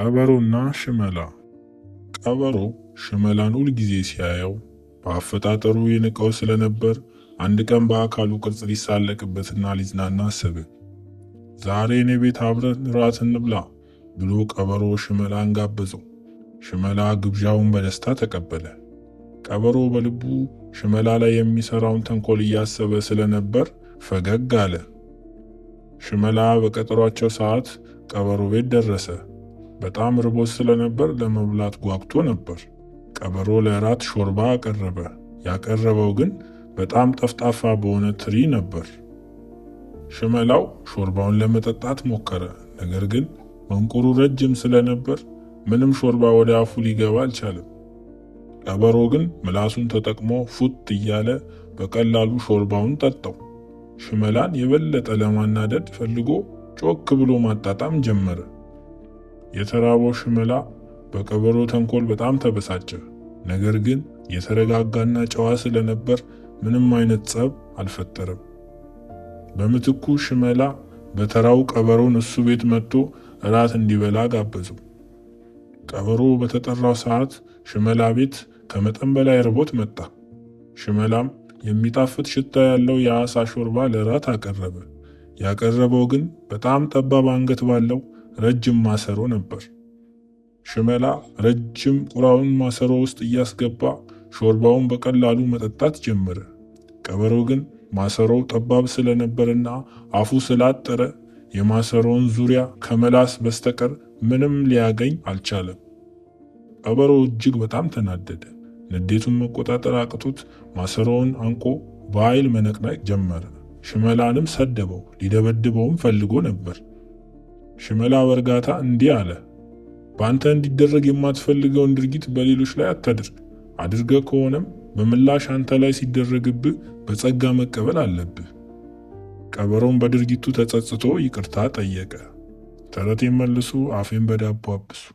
ቀበሮና ሽመላ ቀበሮ ሽመላን ሁል ጊዜ ሲያየው በአፈጣጠሩ ይንቀው ስለነበር አንድ ቀን በአካሉ ቅርጽ ሊሳለቅበትና ሊዝናና አሰበ። ዛሬ እኔ ቤት አብረን ራት እንብላ ብሎ ቀበሮ ሽመላን ጋበዘው። ሽመላ ግብዣውን በደስታ ተቀበለ። ቀበሮ በልቡ ሽመላ ላይ የሚሰራውን ተንኮል እያሰበ ስለነበር ፈገግ አለ። ሽመላ በቀጠሯቸው ሰዓት ቀበሮ ቤት ደረሰ። በጣም ርቦት ስለነበር ለመብላት ጓጉቶ ነበር። ቀበሮ ለራት ሾርባ አቀረበ። ያቀረበው ግን በጣም ጠፍጣፋ በሆነ ትሪ ነበር። ሽመላው ሾርባውን ለመጠጣት ሞከረ። ነገር ግን መንቁሩ ረጅም ስለነበር ምንም ሾርባ ወደ አፉ ሊገባ አልቻለም። ቀበሮ ግን ምላሱን ተጠቅሞ ፉት እያለ በቀላሉ ሾርባውን ጠጣው። ሽመላን የበለጠ ለማናደድ ፈልጎ ጮክ ብሎ ማጣጣም ጀመረ። የተራበው ሽመላ በቀበሮ ተንኮል በጣም ተበሳጨ። ነገር ግን የተረጋጋና ጨዋ ስለነበር ምንም አይነት ጸብ አልፈጠረም። በምትኩ ሽመላ በተራው ቀበሮን እሱ ቤት መጥቶ እራት እንዲበላ ጋበዙ። ቀበሮ በተጠራው ሰዓት ሽመላ ቤት ከመጠን በላይ ርቦት መጣ። ሽመላም የሚጣፍጥ ሽታ ያለው የአሳ ሾርባ ለራት አቀረበ። ያቀረበው ግን በጣም ጠባብ አንገት ባለው ረጅም ማሰሮ ነበር። ሽመላ ረጅም ቁራውን ማሰሮ ውስጥ እያስገባ ሾርባውን በቀላሉ መጠጣት ጀመረ። ቀበሮ ግን ማሰሮው ጠባብ ስለነበርና አፉ ስላጠረ የማሰሮውን ዙሪያ ከመላስ በስተቀር ምንም ሊያገኝ አልቻለም። ቀበሮ እጅግ በጣም ተናደደ። ንዴቱን መቆጣጠር አቅቶት ማሰሮውን አንቆ በኃይል መነቅነቅ ጀመረ። ሽመላንም ሰደበው፣ ሊደበድበውም ፈልጎ ነበር። ሽመላ በእርጋታ እንዲህ አለ። በአንተ እንዲደረግ የማትፈልገውን ድርጊት በሌሎች ላይ አታድርግ። አድርገ ከሆነም በምላሽ አንተ ላይ ሲደረግብህ በጸጋ መቀበል አለብህ። ቀበሮም በድርጊቱ ተጸጽቶ ይቅርታ ጠየቀ። ተረቴን መልሱ፣ አፌን በዳቦ አብሱ።